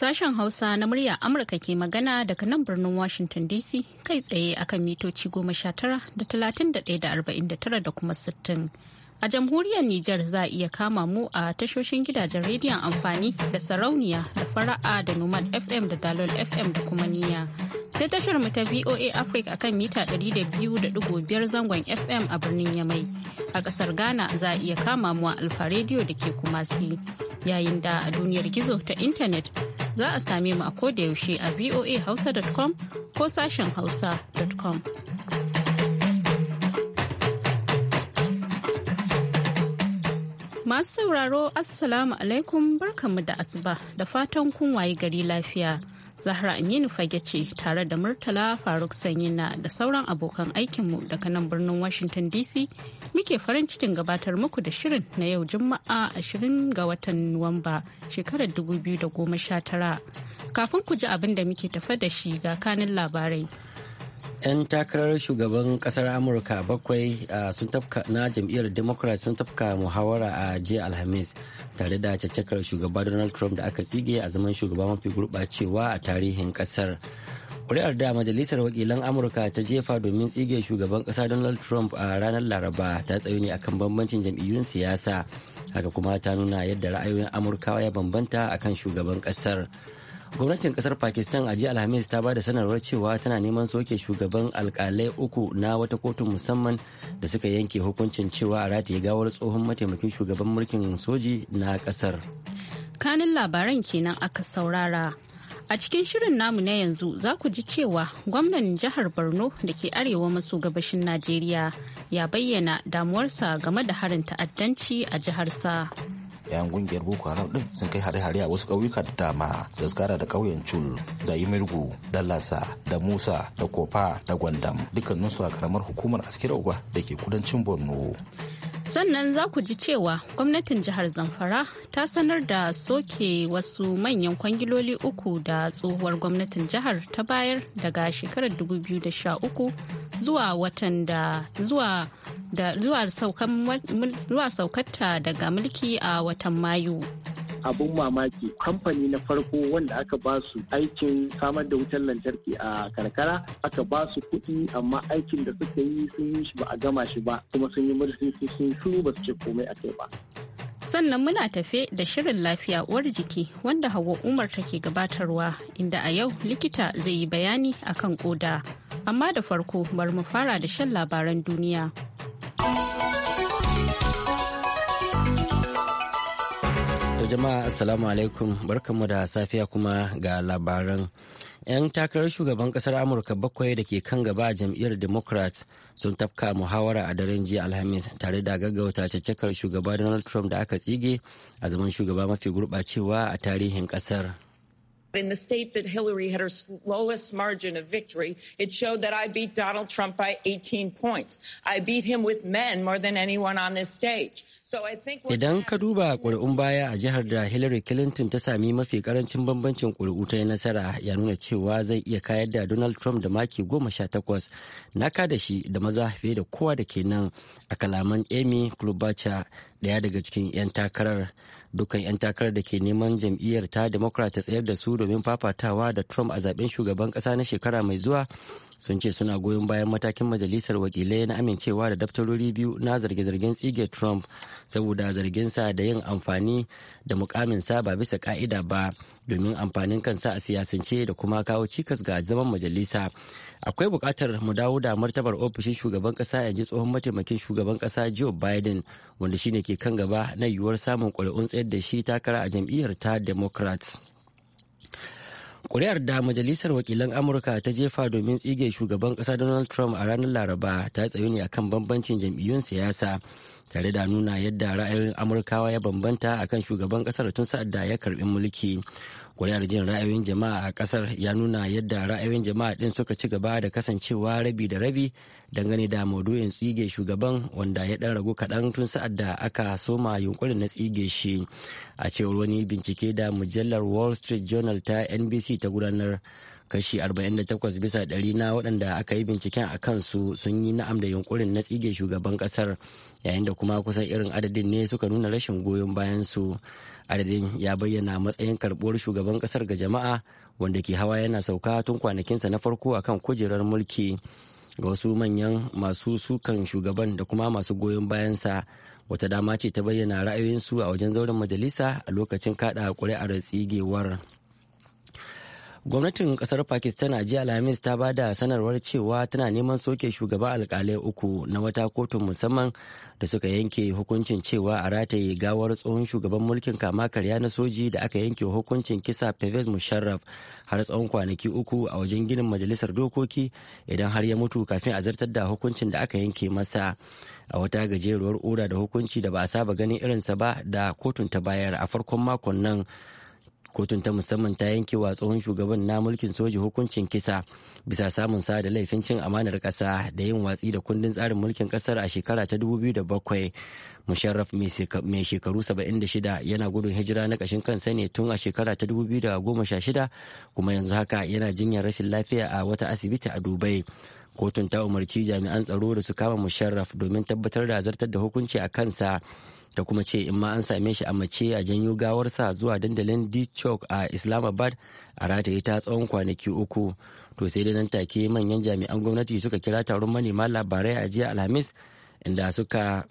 Sashen Hausa na murya Amurka ke magana daga nan birnin Washington DC kai tsaye akan mitoci goma sha tara da talatin da ɗaya da arba'in da tara da kuma sittin. A jamhuriyar Nijar za a iya kama mu a tashoshin gidajen rediyon amfani da sarauniya da fara'a da numan FM da Dalol FM da kuma niya. Sai tashar mu ta VOA Africa akan mita 200.5 zangon FM a birnin Yamai. A kasar Ghana za a iya kama mu a Alfa rediyo da ke Kumasi. Yayin da a duniyar gizo ta intanet za a same mu a yaushe a voa hausa.com ko sashen hausa.com. Masu sauraro Assalamu alaikum barkanmu da asuba da fatan kun waye gari lafiya. Zahra Aminu fage ce tare da Murtala Faruk Sanyina da sauran abokan aikinmu daga nan birnin Washington DC muke farin cikin gabatar muku da shirin na yau Juma'a 20 ga watan Nuwamba shekarar 2019. Kafin ku ji abin da muke tafa da shi ga kanin labarai. 'yan takarar shugaban kasar amurka bakwai na jam'iyyar democrat sun tafka muhawara a jiya alhamis tare da cakar shugaba donald trump da aka tsige a zaman shugaba mafi gurɓacewa a tarihin kasar kuri'ar da majalisar wakilan amurka ta jefa domin tsige shugaban kasa donald trump a ranar laraba ta tsayu ne akan bambancin jam'iyyun siyasa haka kuma ta nuna yadda ra'ayoyin amurkawa ya bambanta akan shugaban kasar. gwamnatin kasar pakistan a jiya alhamis ta ba da sanarwar cewa tana neman soke shugaban alkalai uku na wata kotun musamman da suka yanke hukuncin cewa a rataye gawar tsohon mataimakin shugaban mulkin soji na kasar kanin labaran kenan aka saurara a cikin shirin namu na yanzu za ku ji cewa gwamnan jihar borno da ke arewa maso gabashin najeriya ya bayyana damuwarsa game da harin ta'addanci a jiharsa. sa 'yan kungiyar boko haram din sun kai hare-hare a wasu ƙauyuka da dama da da ƙauyen cul da imirgu da lasa da musa da kofa da gwandam dukkanin su a karamar hukumar askira uba da ke kudancin borno sannan za ku ji cewa gwamnatin jihar zamfara ta sanar da soke wasu manyan kwangiloli uku da tsohuwar gwamnatin jihar ta bayar daga shekarar 2013 zuwa watan da zuwa da zuwa saukatta daga mulki a watan mayu abun mamaki kamfani na farko wanda aka ba su aikin samar da wutar lantarki a karkara aka ba su kuɗi amma aikin da suka yi sun yi shi ba a gama shi ba kuma sun yi murfi sun shiru ba su ce komai a kai ba sannan muna tafe da shirin lafiya uwar jiki wanda hawa umar take gabatarwa inda a yau likita zai yi bayani akan kan koda Amma da farko bar mu fara da shan labaran duniya. jama'a assalamu alaikum barkanmu da safiya kuma ga labaran 'yan takarar shugaban kasar amurka bakwai da ke kan gaba a jam'iyyar democrats sun tafka muhawara a daren jiya alhamis tare da gaggauta caccakar shugaba donald trump da aka tsige a zaman shugaba mafi gurɓacewa a tarihin kasar In the state that Hillary had her lowest margin of victory, it showed that I beat Donald Trump by 18 points. I beat him with men more than anyone on this stage. Idan ka duba ƙuri'un baya a jihar da Hillary Clinton ta sami mafi karancin bambancin ƙuri'u ta yi nasara ya nuna cewa zai iya kayar da Donald Trump da maki goma sha takwas na kada shi da maza fiye da kowa da ke nan a kalaman Amy Klobuchar daya daga cikin 'yan takarar dukan 'yan takarar da ke neman jam'iyyar ta Democrat ta tsayar da su domin fafatawa da Trump a zaben shugaban ƙasa na shekara mai zuwa sun ce suna goyon bayan matakin majalisar wakilai na amincewa da daftarori biyu na zarge-zargen tsige Trump saboda zarginsa da yin amfani da mukaminsa ba bisa ka'ida ba domin amfanin kansa a siyasance da kuma kawo cikas ga zaman majalisa akwai bukatar mu dawo da martabar ofishin shugaban ƙasa ji tsohon mataimakin shugaban kasa joe biden wanda shine ke kan gaba na yiwuwar samun ƙuri'un tsayar da shi takara a jam'iyyar ta democrats Kuri'ar da Majalisar Wakilan Amurka ta jefa domin tsige shugaban kasa Donald Trump a ranar Laraba ta tsayu ne akan bambancin jam'iyyun siyasa tare da nuna yadda ra'ayoyin amurkawa ya bambanta akan shugaban kasar tun sa'ad da ya karbi mulki kuri'ar jin ra'ayoyin jama'a a kasar ya nuna yadda ra'ayoyin jama'a din suka ci gaba da kasancewa rabi da rabi dangane da maudu'in tsige shugaban wanda ya dan ragu kaɗan tun sa'ad da aka soma yunkurin na tsige shi a cewar wani bincike da mujallar wall street journal ta nbc ta gudanar kashi 48 bisa ɗari na waɗanda aka yi binciken a kansu sun yi na'am da yunkurin na tsige shugaban ƙasar yayin da kuma kusan irin adadin ne suka nuna rashin goyon bayan su adadin ya bayyana matsayin karɓuwar shugaban ƙasar ga jama'a wanda ke hawa yana sauka tun kwanakinsa na farko akan kujerar mulki ga wasu manyan masu sukan shugaban da kuma masu goyon bayansa wata dama ce ta bayyana ra'ayoyinsu a wajen zauren majalisa a lokacin kaɗa ƙuri'ar tsigewar. gwamnatin kasar pakistan a jiya alhamis ta ba da sanarwar cewa tana neman soke shugaban alkalai uku na wata kotun musamman da suka yanke hukuncin cewa a rataye gawar tsohon shugaban mulkin kama karya na soji da aka yanke hukuncin kisa pervez musharraf har tsawon kwanaki uku a wajen ginin majalisar dokoki idan har ya mutu kafin a zartar da hukuncin da aka yanke masa a wata gajeruwar ura da hukunci da ba a saba ganin irinsa ba da kotun ta bayar a farkon makon nan kotun ta musamman ta yanke wa tsohon shugaban na mulkin soji hukuncin kisa bisa samun sa da laifin cin amanar kasa da yin watsi da kundin tsarin mulkin kasar a shekara ta 2007 musharraf mai shekaru 76 yana gudun hijira na kashin kansa ne tun a shekara ta 2016 kuma yanzu haka yana jinyar rashin lafiya a wata asibiti a dubai kotun ta umarci jami'an tsaro da su kama musharraf domin tabbatar da zartar da hukunci a kansa ta kuma ce in ma an same shi a mace a janyo gawarsa zuwa dandalin Dichok a Islamabad a rataye ta tsawon kwanaki uku. To sai dai nan take manyan jami'an gwamnati suka kira taron manema labarai a jiya Alhamis inda suka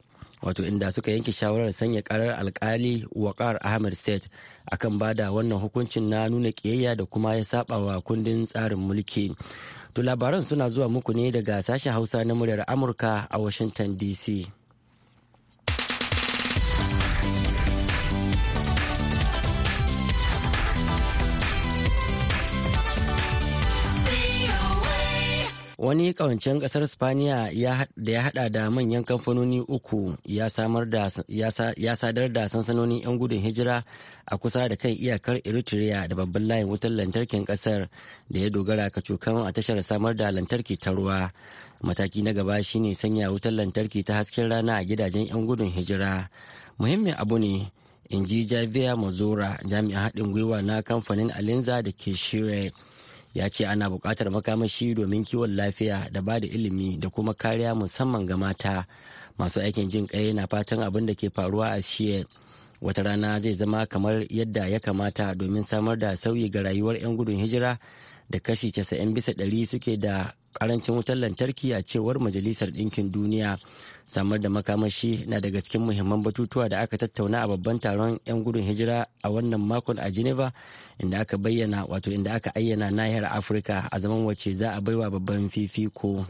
wato inda suka yanke shawarar sanya karar alkali kar ahmed set akan bada wannan hukuncin na nuna kiyayya da kuma ya saba wa kundin tsarin mulki to labaran suna zuwa muku ne daga sashen hausa na muryar amurka a washington dc wani kawancen kasar spaniya da ya hada da manyan kamfanoni uku ya sadar da sansanonin 'yan gudun hijira a kusa da kan iyakar eritrea da babban layin wutar lantarkin kasar da ya dogara kacokan a tashar samar da lantarki ta ruwa mataki na gaba shine sanya wutar lantarki ta hasken rana a gidajen 'yan gudun hijira muhimmin abu ne in ji javier mazora jami'an haɗin gwiwa na kamfanin alinza da ke ya ce ana buƙatar makamashi domin kiwon lafiya da ba da ilimi da kuma kariya musamman ga mata masu aikin jin kai na fatan abin da ke faruwa a shiye wata rana zai zama kamar yadda ya kamata domin samar da sauyi ga rayuwar 'yan gudun hijira da kashi 90 bisa ɗari suke da karancin wutar lantarki a cewar majalisar ɗinkin duniya samar da makamashi na daga cikin muhimman batutuwa da aka tattauna a babban taron 'yan gudun hijira a wannan makon a geneva inda aka bayyana wato inda aka ayyana nahiyar afirka a zaman wacce za a baiwa babban fifiko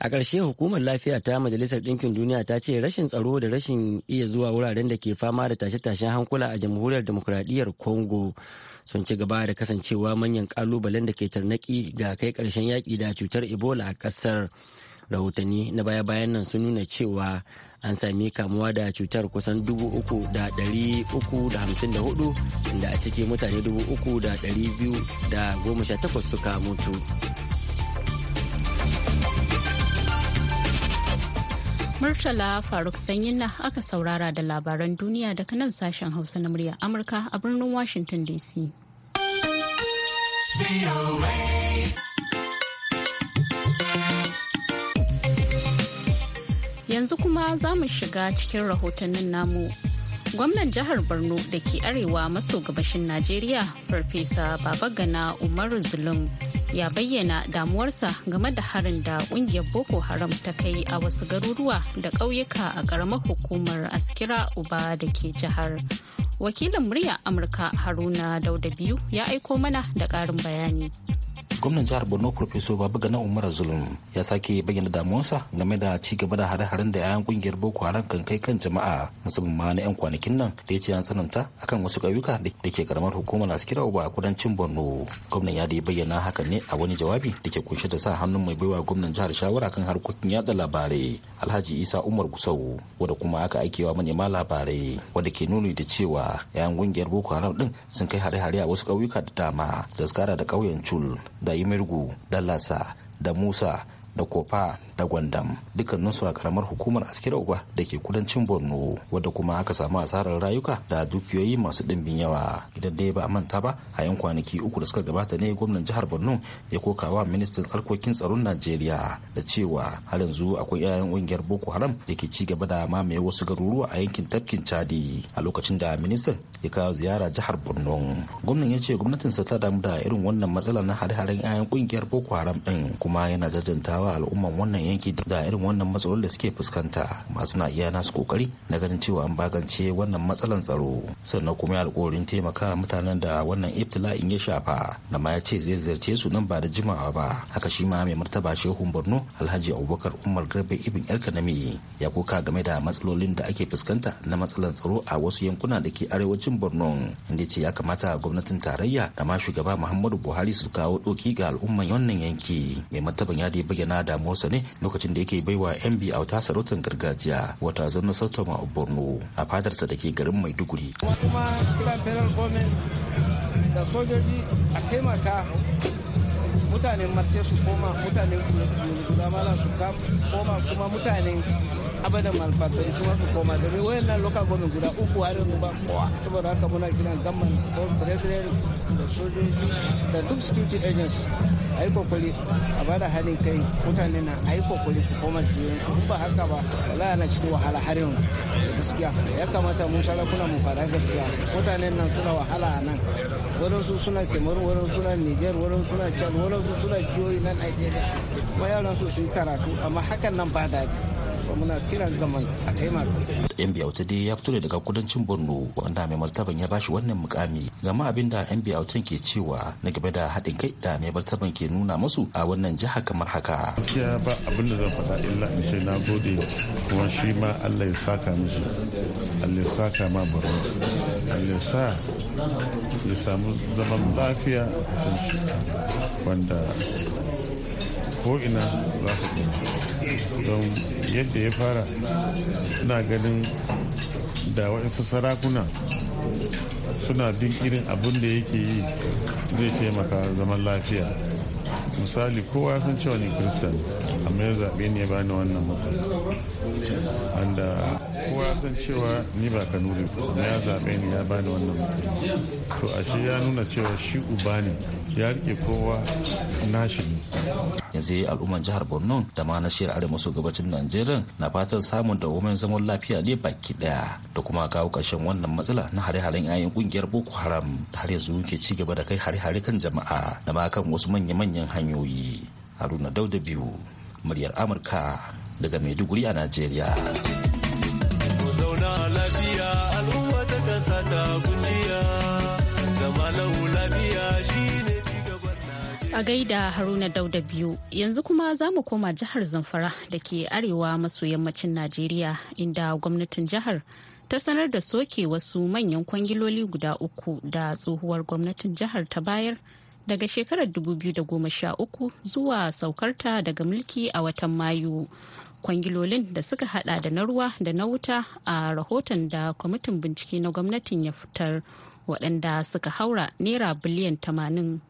a ƙarshe hukumar lafiya ta majalisar ɗinkin duniya ta ce rashin tsaro da rashin iya zuwa wuraren da ke fama da tashe-tashen hankula a jamhuriyar demokuraɗiyyar congo sun ci gaba da kasancewa manyan ƙalubalen da ke tarnaki ga kai ƙarshen yaƙi da cutar ebola a ƙasar rahotanni na baya-bayan nan sun nuna cewa an sami kamuwa da cutar kusan 3,354 inda a ciki mutane 3,218 suka mutu. Murtala Faruk na aka saurara da labaran duniya daga nan sashen Hausa na murya Amurka a birnin Washington DC. Yanzu kuma za mu shiga cikin rahotannin namu. Gwamnan jihar Borno da ke arewa maso gabashin Najeriya, Farfesa Babagana Umaru Zulum. ya bayyana damuwarsa game da harin da kungiyar boko haram ta kai a wasu garuruwa da ƙauyuka a ƙaramar hukumar askira uba da ke jihar wakilin murya amurka haruna dauda biyu ya aiko mana da ƙarin bayani gwamnan jihar borno professor babagana umar zulum ya sake bayyana damuwarsa game da ci gaba da hare-haren da 'ya'yan kungiyar boko haram kan kai kan jama'a musamman ma na 'yan kwanakin nan da ya ce an tsananta akan wasu ƙauyuka da ke karamar hukumar askira ba a kudancin borno gwamnan ya da bayyana hakan ne a wani jawabi da ke kunshe da sa hannun mai baiwa gwamnan jihar shawara kan harkokin yada labarai alhaji isa umar gusau wanda kuma aka aikewa manema labarai wanda ke nuni da cewa 'ya'yan kungiyar boko haram din sun kai hare-hare a wasu ƙauyuka da dama da da ƙauyen cul da imirgu da lasa da musa da kofa da gwandam dukkaninsu a karamar hukumar askira da ke kudancin borno wadda kuma aka samu asarar rayuka da dukiyoyi masu ɗimbin yawa idan dai ba a manta ba a yan kwanaki uku da suka gabata ne gwamnan jihar borno ya koka wa ministan harkokin tsaron najeriya da cewa har yanzu akwai 'ya'yan ƙungiyar boko haram da ke ci gaba da mamaye wasu garuruwa a yankin tafkin chadi a lokacin da ministan ya kawo ziyara jihar borno gwamnan ya ce gwamnatinsa ta damu da irin wannan matsala na hare-haren 'ya'yan ƙungiyar boko haram ɗin kuma yana jajantawa wa al'umman wannan yanki da irin wannan matsalolin da suke fuskanta masu na iya nasu kokari na ganin cewa an bagance wannan matsalan tsaro sannan kuma ya alkawarin taimaka mutanen da wannan ibtila'in ya shafa da ma ya ce zai ziyarce su nan ba da jimawa ba haka shi ma mai martaba shehun borno alhaji abubakar umar garbe ibn elkanami ya koka game da matsalolin da ake fuskanta na matsalan tsaro a wasu yankuna da ke arewacin borno inda ce ya kamata gwamnatin tarayya da ma shugaba muhammadu buhari su kawo doki ga al'umman wannan yanki mai martaban ya dai bayyana na damuwarsa ne lokacin da yake baiwa yan a auta sarautar gargajiya wata zanna sautoma a borno a fadarsa da ke garin maiduguri da sojoji a taimaka mutanen marce su koma mutanen su koma kuma mutanen abadan malfata in su masu koma wayan nan local government guda uku har yanzu ba kowa saboda haka muna kiran gamman ko brethren da sojoji da duk security agents a yi kokoli a ba da hannun kai mutane na a yi kokoli su koma juyansu ba haka ba wala yana cikin wahala har yanzu da gaskiya ya kamata mun sarakuna mu fara gaskiya mutanen nan suna wahala a nan waɗansu suna kemaru waɗansu suna niger waɗansu suna chad waɗansu suna jihohi na nigeria kuma yaran su su yi karatu amma hakan nan ba daɗi so muna a taimaka. yan dai ya fito ne daga kudancin borno wanda mai martaban ya bashi wannan mukami gama abin da yan biyautan ke cewa na game da haɗin kai da mai martaban ke nuna musu a wannan jiha kamar haka. gaskiya ba abin da zan faɗa illa in ce na gode kuma shi ma allah ya saka mishi allah ya saka ma borno allah ya sa ya samu zaman lafiya wanda ko ina za ka gani don yadda ya fara suna ganin da waɗansu sarakuna suna bin irin abin da yake yi zai taimaka zaman lafiya misali kowa ya san cewa kristan amma ya zaɓe ne ya bani wannan matsala san cewa ni ba kanuri kuma ya zaɓe ni ya bani wannan mutum to ashe ya nuna cewa shi uba ne ya rike kowa nashi ne yanzu al'ummar jihar borno da ma na shirar arewa maso gabacin najeriya na fatan samun da dawomin zaman lafiya ne baki daya da kuma kawo karshen wannan matsala na hare-haren yayin kungiyar boko haram da har yanzu ke ci gaba da kai hare-hare kan jama'a da ma kan wasu manya-manyan hanyoyi haruna dauda biyu muryar amurka daga maiduguri a najeriya mu zauna lafiya al'umma ta kasa ta zama lau lafiya shine A gaida Haruna Dauda biyu yanzu kuma za mu koma jihar Zamfara da ke arewa maso yammacin Najeriya inda gwamnatin jihar ta sanar da soke wasu manyan kwangiloli guda uku da tsohuwar gwamnatin jihar ta bayar daga shekarar 2013 zuwa saukarta daga mulki a watan Mayu kwangilolin da suka hada da na ruwa da na wuta a rahoton da kwamitin bincike na gwamnatin ya fitar waɗanda suka haura naira biliyan tamanin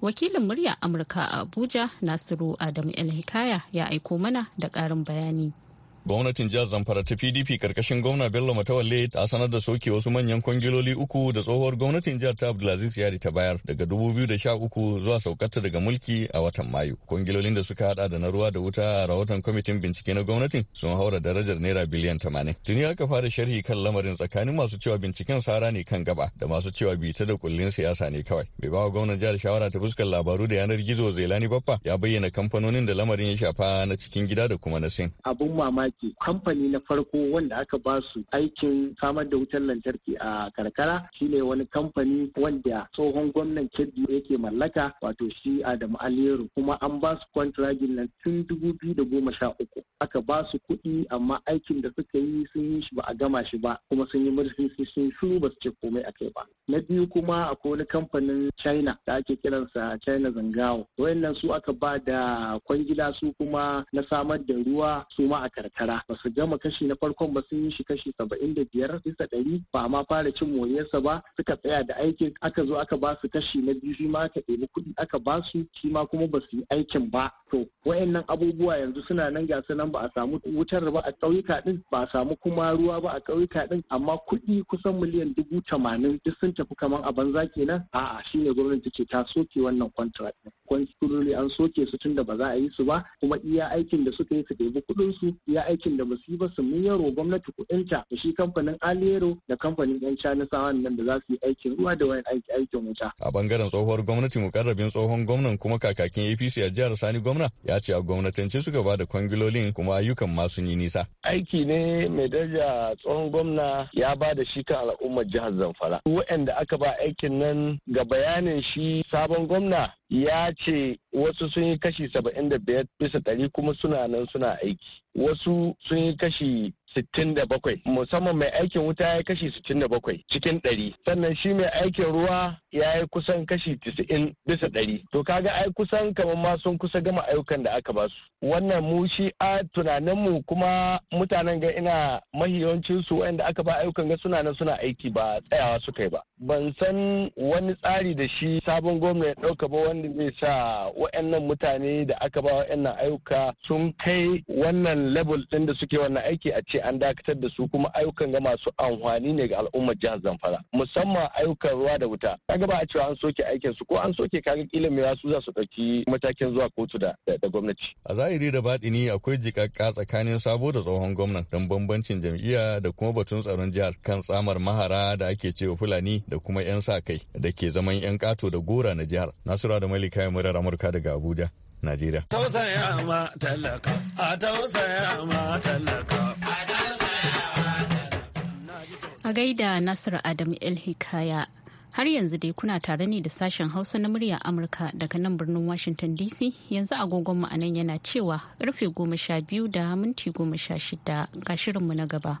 wakilin murya amurka a abuja nasiru adamu el hikaya ya aiko mana da ƙarin bayani Gwamnatin jihar Zamfara ta PDP karkashin gwamna Bello Matawalle ta sanar da soke wasu manyan kwangiloli uku da tsohuwar gwamnatin jihar ta Abdulaziz Yari ta bayar daga da sha uku zuwa saukarta daga mulki a watan Mayu. Kwangilolin da suka hada da na ruwa da wuta a rahoton kwamitin bincike na gwamnatin sun haura darajar naira biliyan 80. Tuni aka fara sharhi kan lamarin tsakanin masu cewa binciken sara ne kan gaba da masu cewa bita da kullin siyasa ne kawai. Bai bawa gwamnan jihar shawara ta fuskar labaru da yanar gizo zailani Baffa ya bayyana kamfanonin da lamarin ya shafa na cikin gida da kuma na Sin. Abun mamaki lantarki kamfani na farko wanda aka ba su aikin samar da wutar lantarki a karkara shine wani kamfani wanda tsohon gwamnan kebbi yake mallaka wato shi adamu aliyu kuma an ba su kwantiragin nan tun uku. aka ba su kuɗi amma aikin da suka yi sun yi shi ba a gama shi ba kuma sun yi murfi sun shuru ba su ce komai kai ba na biyu kuma akwai wani kamfanin china da ake kiransa china zangawo wayannan su aka ba da kwangila su kuma na samar da ruwa su ma a karkara karkara ba su gama kashi na farkon ba sun yi shi kashi saba'in da biyar bisa ɗari ba ma fara cin moriyarsa ba suka tsaya da aikin aka zo aka ba su kashi na biyu shi ma aka ɗebi kuɗi aka ba su shi ma kuma ba su yi aikin ba to wayannan abubuwa yanzu suna nan ga nan ba a samu wutar ba a ƙauyuka ɗin ba a samu kuma ruwa ba a ƙauyuka ɗin amma kuɗi kusan miliyan dubu tamanin duk sun tafi kamar a banza kenan a'a shi ne gwamnati ce ta soke wannan contract ɗin an soke su tun da ba za a yi su ba kuma iya aikin da suka yi su ɗebi kuɗin su iya aikin da basu yi ba su wa gwamnati kudinta da shi kamfanin aliyero da kamfanin yan sawan nan da za su yi aikin ruwa da wayan aiki aikin wuta. a bangaren tsohuwar gwamnati mukarrabin tsohon gwamnan kuma kakakin apc a jihar sani gwamna ya ce a gwamnatance suka ba da kwangilolin kuma ayyukan ma sun yi nisa. aiki ne mai daraja tsohon gwamna ya ba da shi kan al'ummar jihar zamfara waɗanda aka ba aikin nan ga bayanin shi sabon gwamna ya ce wasu sun yi kashi saba'in da biyar bisa ɗari kuma suna nan suna aiki wasu sun yi kashi 67 musamman mai aikin wuta ya yi kashi 67 cikin 100 sannan shi mai aikin ruwa ya yi kusan kashi 90 bisa 100 to kaga ai kusan kamar ma sun kusa gama ayyukan da aka basu wannan mu shi a tunaninmu kuma mutanen ga ina mahiyancin su wanda aka ba ayyukan ga suna nan suna aiki ba tsayawa suka yi ba ban san wani tsari da shi sabon gwamna ya ɗauka ba wanda zai sa wa'annan mutane da aka ba wa'annan ayyuka sun kai wannan level din da suke wannan aiki a ce an dakatar da su kuma ayyukan ga masu amfani ne ga al'ummar jihar Zamfara musamman ayyukan ruwa da wuta kaga ba a cewa an soke aikin su ko an soke kaga kila mai su za su dauki matakin zuwa kotu da da gwamnati a zahiri da baɗini akwai jikakka tsakanin sabo da tsohon gwamnan don bambancin jam'iyya da kuma batun tsaron jihar kan tsamar mahara da ake cewa fulani da kuma 'yan sa kai da ke zaman 'yan kato da gora na jihar nasura da malika ya murar amurka daga abuja najeriya tausaya ma talaka a tausaya ma talaka A gaida Nasiru Adam El Hikaya. Har yanzu dai kuna tare ne da sashen Hausa na muryar Amurka daga nan birnin Washington DC yanzu agogon mu anan yana cewa karfe goma sha biyu da minti goma sha shida ga shirinmu na gaba.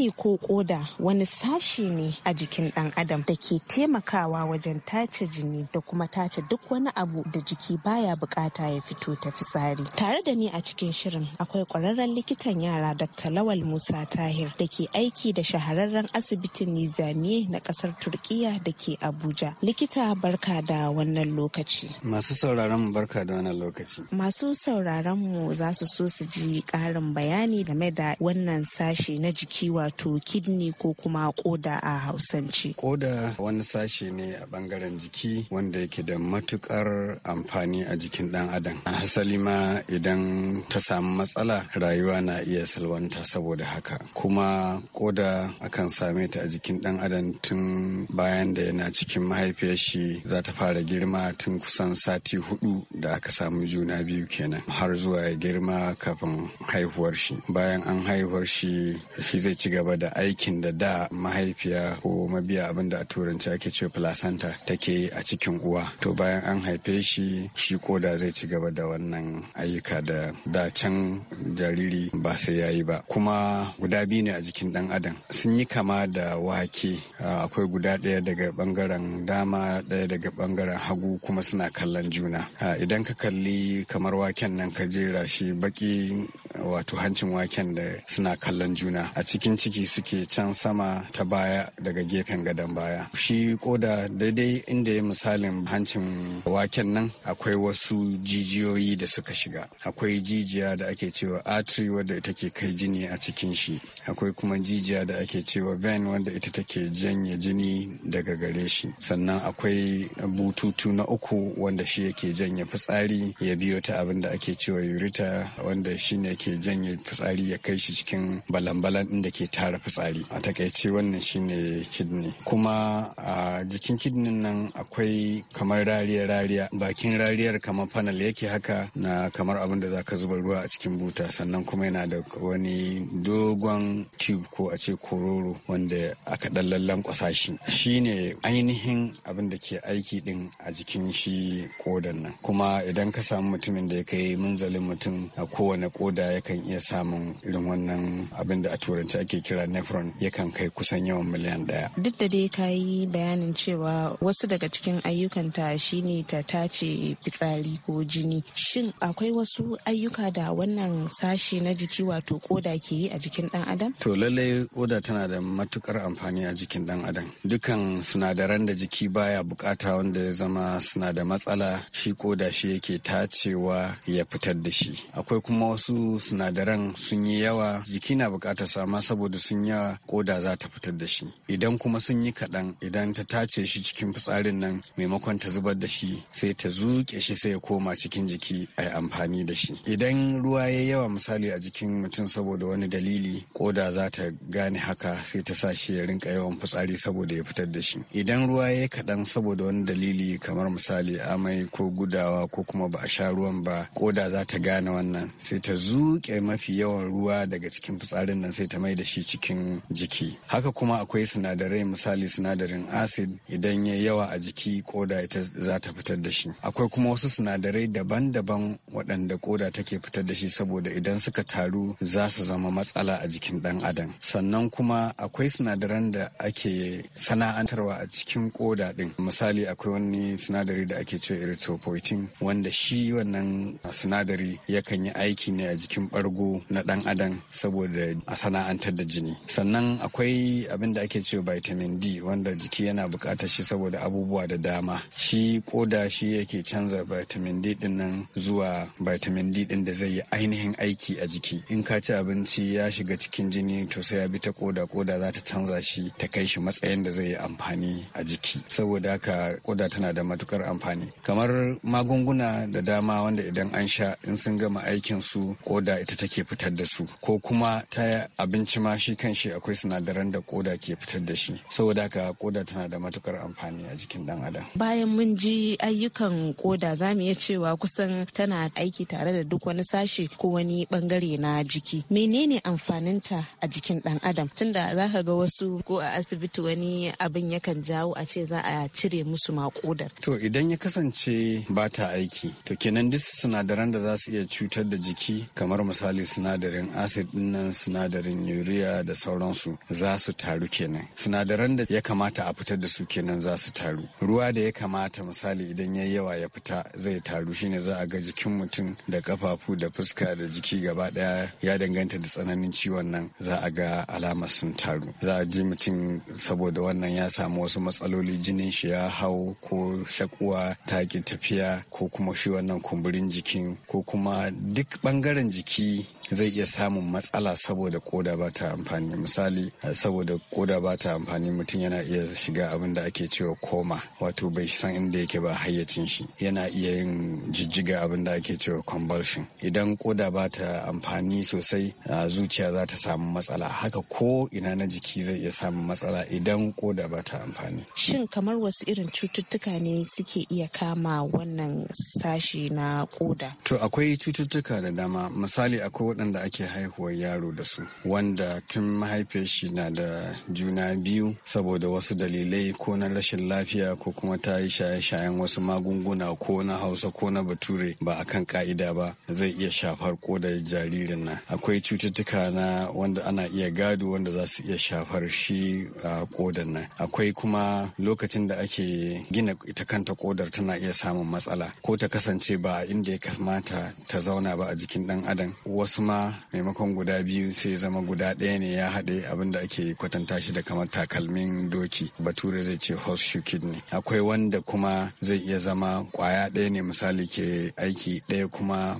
ne ko koda wani sashi ne a jikin ɗan adam da ke taimakawa wajen tace jini da kuma tace duk wani abu da jiki baya bukata ya fito ta fitsari. Tare da ni a cikin shirin akwai kwararren likitan yara Dr. Lawal Musa Tahir da ke aiki da shahararren asibitin Nizamiye na kasar Turkiya da ke Abuja. Likita barka da wannan lokaci. Masu sauraron mu barka da wannan lokaci. Masu sauraron mu za su so su ji ƙarin bayani game da wannan sashi na jiki wa wato kidney ko kuma koda a hausance. Koda wani sashe ne a bangaren jiki wanda yake da matukar amfani a jikin dan adam. A Hasali ma idan ta samu matsala rayuwa na iya salwanta saboda haka. Kuma koda akan same ta a jikin dan adam tun bayan da yana cikin mahaifiyar shi za ta fara girma tun kusan sati hudu da aka samu juna biyu kenan har zuwa ya girma kafin haihuwar shi. Bayan an haihuwar shi shi zai ci gaba gaba da aikin da da mahaifiya ko mabiya abin da a turanci ake ce placenta take a cikin uwa to bayan an haife shi shi koda zai ci gaba da wannan ayyuka da da can jariri ba sai ya yi ba kuma guda biyu ne a jikin dan adam sun yi kama da wake akwai guda ɗaya daga bangaren dama ɗaya daga bangaren hagu kuma suna kallon juna idan ka kalli kamar waken nan ka jera shi baki wato hancin waken da suna kallon juna a cikin ciki ciki suke can sama ta baya daga gefen gadon baya shi koda daidai inda ya misalin hancin waken nan akwai wasu jijiyoyi da suka shiga akwai jijiya da ake cewa artery wadda ita ke kai jini a cikin shi akwai kuma jijiya da ake cewa vein wanda ita take janye jini daga gare shi sannan akwai bututu na uku wanda shi yake janye fitsari ya biyo ta abin da ake cewa urita wanda shi ne ke janye fitsari ya kai shi cikin balan-balan inda ke tara fitsari a takaice wannan shine kidney kuma a jikin kidney nan akwai kamar rariya rariya bakin rariyar kamar panel yake haka na kamar abin da zaka zuba ruwa a cikin buta sannan kuma yana da wani dogon tube ko a ce kororo wanda aka dan lallan shi shine ainihin abin da ke aiki din a jikin shi kodan nan kuma idan ka samu mutumin da ya kai munzalin mutum a kowane koda yakan iya samun irin wannan abin da a turanci ake kira nephron yakan kai kusan yawan miliyan ɗaya. Duk da dai ka yi bayanin cewa wasu daga cikin ayyukanta shine ta tace fitsari ko jini. Shin akwai wasu ayyuka da wannan sashe na jiki wato koda ke yi a jikin ɗan adam? To lallai koda tana da matukar amfani a jikin ɗan adam. Dukan sinadaran da jiki baya bukata wanda ya zama suna da matsala shi koda shi yake tacewa ya fitar da shi. Akwai kuma wasu sinadaran sun yi yawa jiki na bukatar sama saboda sun yawa koda za ta fitar da shi idan kuma sun yi kaɗan idan ta tace shi cikin fitsarin nan maimakon ta zubar da shi sai ta zuke shi sai ya koma cikin jiki a yi amfani da shi idan ruwa ya yawa misali a jikin mutum saboda wani dalili koda za ta gane haka sai ta sa shi ya rinka yawan fitsari saboda ya fitar da shi idan ruwa ya kaɗan saboda wani dalili kamar misali amai ko gudawa ko kuma ba a sha ruwan ba koda za ta gane wannan sai ta zuke mafi yawan ruwa daga cikin fitsarin nan sai ta mai da shi cikin jiki haka kuma akwai sinadarai misali sinadarin acid idan ya yawa a jiki koda ita za ta fitar da shi akwai kuma wasu sinadarai daban-daban waɗanda koda take fitar da shi saboda idan suka taru za su zama matsala a jikin ɗan adam sannan kuma akwai sinadaran da ake sana'antarwa a cikin koda ɗin misali akwai wani sinadari da ake ce erythropoietin wanda shi wannan sinadari yakan yi aiki ne a jikin ɓargo na ɗan adam saboda a sana'antar da jini jini sannan akwai abin da ake cewa vitamin d wanda jiki yana bukata shi saboda abubuwa da dama shi koda shi yake canza vitamin d din nan zuwa vitamin d din da zai yi ainihin aiki a jiki in ka ci abinci ya shiga cikin jini to sai ya bi ta koda koda za ta canza shi ta kai shi matsayin da zai yi amfani a jiki saboda haka koda tana da matukar amfani kamar magunguna da dama wanda idan an sha in sun gama aikin su koda ita take fitar da su ko kuma ta abinci ma shi kan shi akwai sinadaran da koda ke fitar da shi saboda haka koda tana da matukar amfani a jikin dan adam bayan mun ji ayyukan koda za mu iya cewa kusan tana aiki tare da duk wani sashi ko wani bangare na jiki menene amfaninta a jikin dan adam tunda za ka ga wasu ko a asibiti wani abin yakan jawo a ce za a cire musu ma kodar to idan ya kasance ba ta aiki to kenan duk sinadaran da za su iya cutar da jiki kamar misali sinadarin acid dinnan sinadarin urea da da sauransu za su taru kenan sinadaran da ya kamata a fitar da su kenan za su taru ruwa da ya kamata misali idan ya yawa ya fita zai taru shine za a ga jikin mutum da kafafu da fuska da jiki gaba daya ya danganta da tsananin ciwon nan za a ga alamar sun taru za a ji mutum saboda wannan ya samu wasu matsaloli jinin shi ya hau ko shakuwa ta ki tafiya ko kuma shi wannan kumburin jikin ko kuma duk bangaren jiki zai iya samun matsala saboda koda ba ta amfani misali eh, saboda koda ba ta amfani mutum yana iya shiga abin da ake cewa koma wato bai san inda yake ba hayyacin shi yana iya yin jijjiga abin da ake cewa convulsion idan koda ba ta amfani sosai zuciya za ta samu matsala haka ko ina na jiki zai iya samun matsala idan koda ba ta amfani shin kamar wasu irin cututtuka ne suke iya kama wannan sashi na koda to akwai cututtuka da dama misali akwai waɗanda ake haihuwar yaro da su wanda tun mahaifiyar shi na da juna biyu saboda wasu dalilai ko na rashin lafiya ko kuma ta yi shaye-shayen wasu magunguna ko na hausa ko na bature ba a kan ka'ida ba zai iya shafar kodar jaririn nan akwai cututtuka na wanda ana iya gado wanda za su iya shafar shi a kodar nan akwai kuma lokacin da ake gina ita kanta kodar tana iya samun matsala ko ta kasance ba a inda ya kamata ta zauna ba a jikin ɗan adam wasu zama maimakon guda biyu sai zama guda ɗaya ne ya haɗe abinda ake kwatanta shi da kamar takalmin doki bature zai ce horseshoe kidney ne akwai wanda kuma zai iya zama kwaya ɗaya ne misali ke aiki ɗaya kuma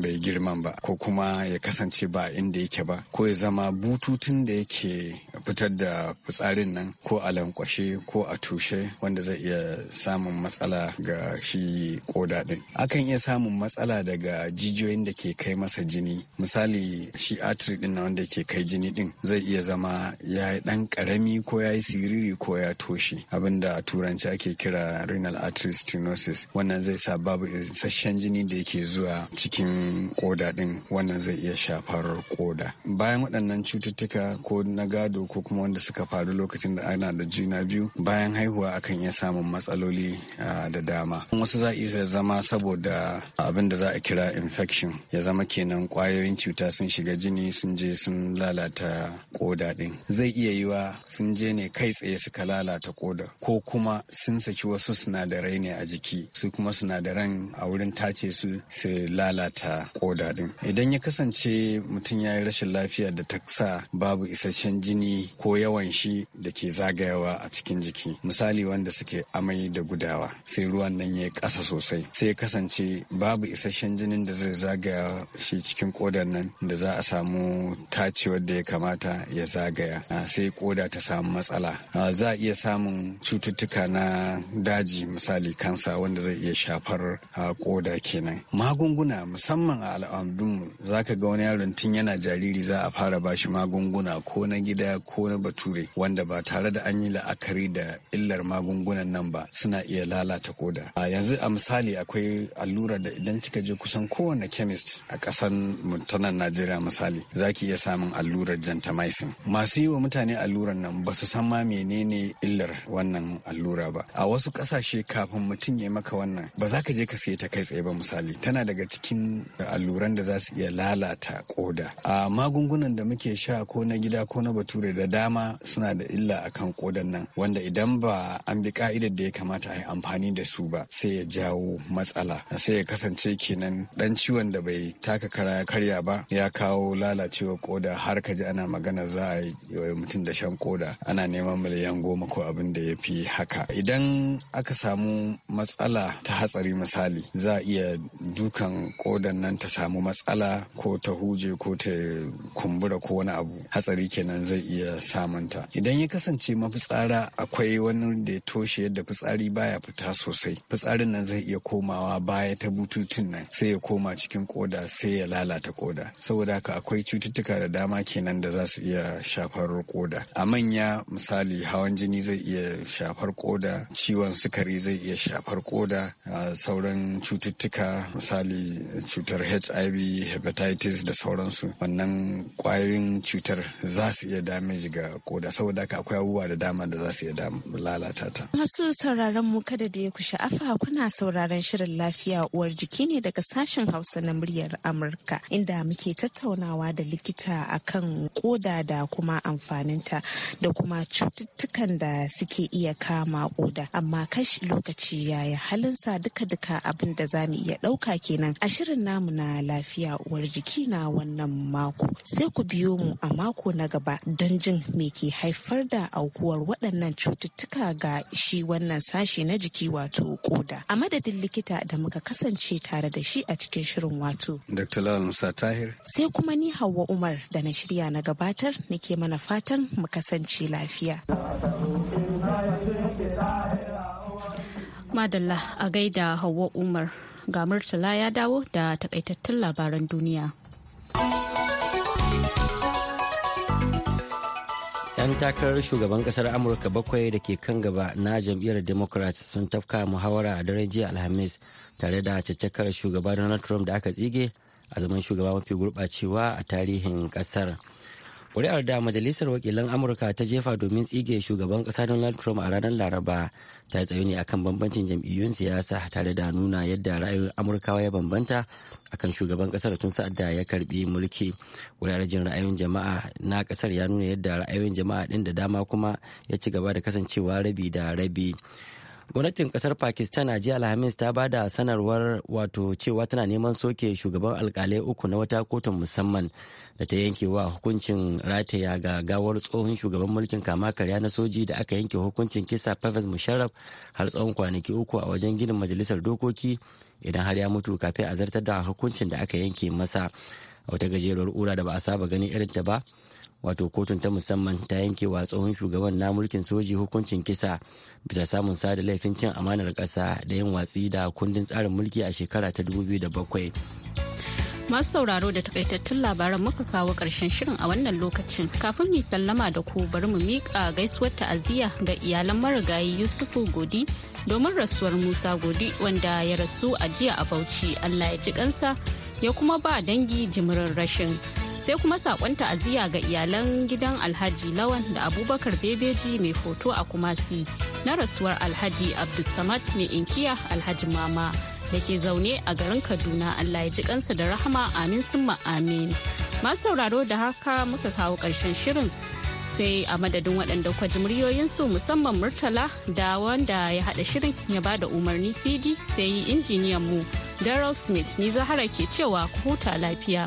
bai girman ba ko kuma ya kasance ba inda yake ba ko ya zama bututun da yake fitar da fitsarin nan ko a lankwashe ko a tushe wanda zai iya samun matsala ga shi koda ɗin akan iya samun matsala daga jijiyoyin da ke kai masa jini misali shi artery din na wanda ke kai jini din zai iya zama ya yi dan karami ko ya yi siriri ko ya toshe abinda a turanci ake kira renal artery stenosis wannan zai sa babu isasshen jini da yake zuwa cikin koda din wannan zai iya shafar koda bayan waɗannan cututtuka ko na gado ko kuma wanda suka faru lokacin da ana da juna biyu bayan haihuwa akan iya samun matsaloli da dama wasu za a iya zama saboda abin da za a kira infection ya zama kenan kwayoyin kwayoyin cuta sun shiga jini sun je sun lalata koda din zai iya yiwa sun je ne kai tsaye suka lalata koda ko kuma sun saki wasu sinadarai ne a jiki su kuma sinadaran a wurin tace su su lalata koda din idan ya kasance mutum ya yi rashin lafiya da ta sa babu isasshen jini ko yawan shi da ke zagayawa a cikin jiki misali wanda suke amai da gudawa sai ruwan nan ya ƙasa sosai sai ya kasance babu isasshen jinin da zai zagaya shi cikin koda kodan nan da za a samu tacewar wadda ya kamata ya zagaya sai koda ta samu matsala za a iya samun cututtuka na daji misali kansa wanda zai iya shafar koda kenan magunguna musamman a al'adunmu za ka ga wani yaron tun yana jariri za a fara bashi magunguna ko na gida ko na bature wanda ba tare da an yi la'akari da illar magungunan nan ba suna iya lalata koda a yanzu a misali akwai allura da idan kika je kusan kowane chemist a kasan mu ta nan Najeriya misali za ki iya samun allurar gentamicin. Masu yi wa mutane allurar nan ba su san ma menene illar wannan allura ba. A wasu ƙasashe kafin mutum ya maka wannan ba za ka je ka sai ta kai tsaye ba misali tana daga cikin alluran da za su iya lalata koda. A magungunan da muke sha ko na gida ko na bature da dama suna da illa akan kodan nan wanda idan ba an bi ka'idar da ya kamata a yi amfani da su ba sai ya jawo matsala sai ya kasance kenan dan ciwon da bai taka kara karya shirya ba ya kawo lalacewa koda har ka ji ana magana za a yi mutum da shan koda ana neman miliyan goma ko abin da ya fi haka idan aka samu matsala ta hatsari misali za a iya dukan kodan nan ta samu matsala ko ta huje ko ta kumbura ko wani abu hatsari kenan zai iya samunta idan ya kasance mafitsara akwai wani da ya toshe yadda fitsari baya fita sosai fitsarin nan zai iya komawa baya ta bututun nan sai ya koma cikin koda sai ya lalata koda saboda haka akwai cututtuka da dama kenan da za su iya shafar koda a manya misali hawan jini zai iya shafar koda ciwon sukari zai iya shafar koda sauran cututtuka misali cutar hiv hepatitis da sauransu wannan kwayoyin cutar za su iya damage ga koda saboda haka akwai abubuwa da dama da za su iya lalata ta masu sauraron mu kada da ya ku sha'afa kuna sauraron shirin lafiya uwar jiki ne daga sashen hausa na muryar amurka inda da muke tattaunawa da likita akan koda da kuma amfaninta da kuma cututtukan da suke iya kama koda amma kashi lokaci halin halinsa duka-duka abin da za mu iya ɗauka kenan a shirin namu na lafiya uwar jiki na wannan mako sai ku biyo mu a mako na gaba don jin me ke haifar da aukuwar waɗannan cututtuka ga shi wannan sashe na jiki wato koda a madadin likita da muka kasance tare da shi a cikin shirin wato. Dr. Lal Musa Tahir. Sai kuma ni Hauwa Umar da na shirya na gabatar nake mana fatan mu kasance lafiya. Madalla a gaida Hauwa Umar ga Murtala ya dawo da takaitattun labaran duniya. 'yan takarar shugaban kasar amurka bakwai da ke kan gaba na jam'iyyar democrat sun tafka muhawara a daren jiya alhamis tare da caccakar shugaba donald trump da aka tsige a zaman shugaba mafi gurɓacewa a tarihin ƙasar. ƙuri'ar da Majalisar Wakilan Amurka ta jefa domin tsige shugaban ƙasa Donald Trump a ranar Laraba ta tsayo ne akan bambancin jam'iyyun siyasa tare da nuna yadda ra'ayoyin Amurkawa ya bambanta akan shugaban ƙasar tun sa'ad da ya karbi mulki. ƙuri'ar jin ra'ayoyin jama'a na ƙasar ya nuna yadda ra'ayoyin jama'a ɗin da dama kuma ya ci gaba da kasancewa rabi da rabi. gwamnatin kasar pakistan a jiya alhamis ta bada sanarwar wato cewa tana neman soke shugaban alkalai uku na wata kotun musamman da ta yanke wa hukuncin rataya ga gawar tsohon shugaban mulkin kama karya na soji da aka yanke hukuncin kisa pervez musharraf har tsawon kwanaki uku a wajen ginin majalisar dokoki idan har ya mutu kafin a zartar da hukuncin da aka yanke masa a wata gajeruwar ura da ba a saba gani irin ba wato kotun ta musamman ta yanke wa tsohon shugaban na mulkin soji hukuncin kisa bisa samun sada laifin cin amanar kasa da yin watsi da kundin tsarin mulki a shekara ta 2007 masu sauraro da takaitattun labaran muka kawo karshen shirin a wannan lokacin kafin mu sallama da ku bari mu miƙa gaisuwar ta'aziyya ga iyalan marigayi yusufu godi domin rasuwar musa godi wanda ya rasu a jiya a bauchi allah ya ji kansa ya kuma ba dangi jimirin rashin sai kuma sakon ta'aziyya ga iyalan gidan alhaji lawan da abubakar bebeji mai hoto a kumasi na rasuwar alhaji abdulsamad mai inkiya alhaji mama da ke zaune a garin kaduna allah ya ji kansa da rahama amin summa amin masu sauraro da haka muka kawo karshen shirin sai a madadin waɗanda kwaji muryoyinsu musamman murtala da wanda ya haɗa shirin ya ba da umarni cd sai injiniyan mu daryl smith ni zahara ke cewa ku huta lafiya.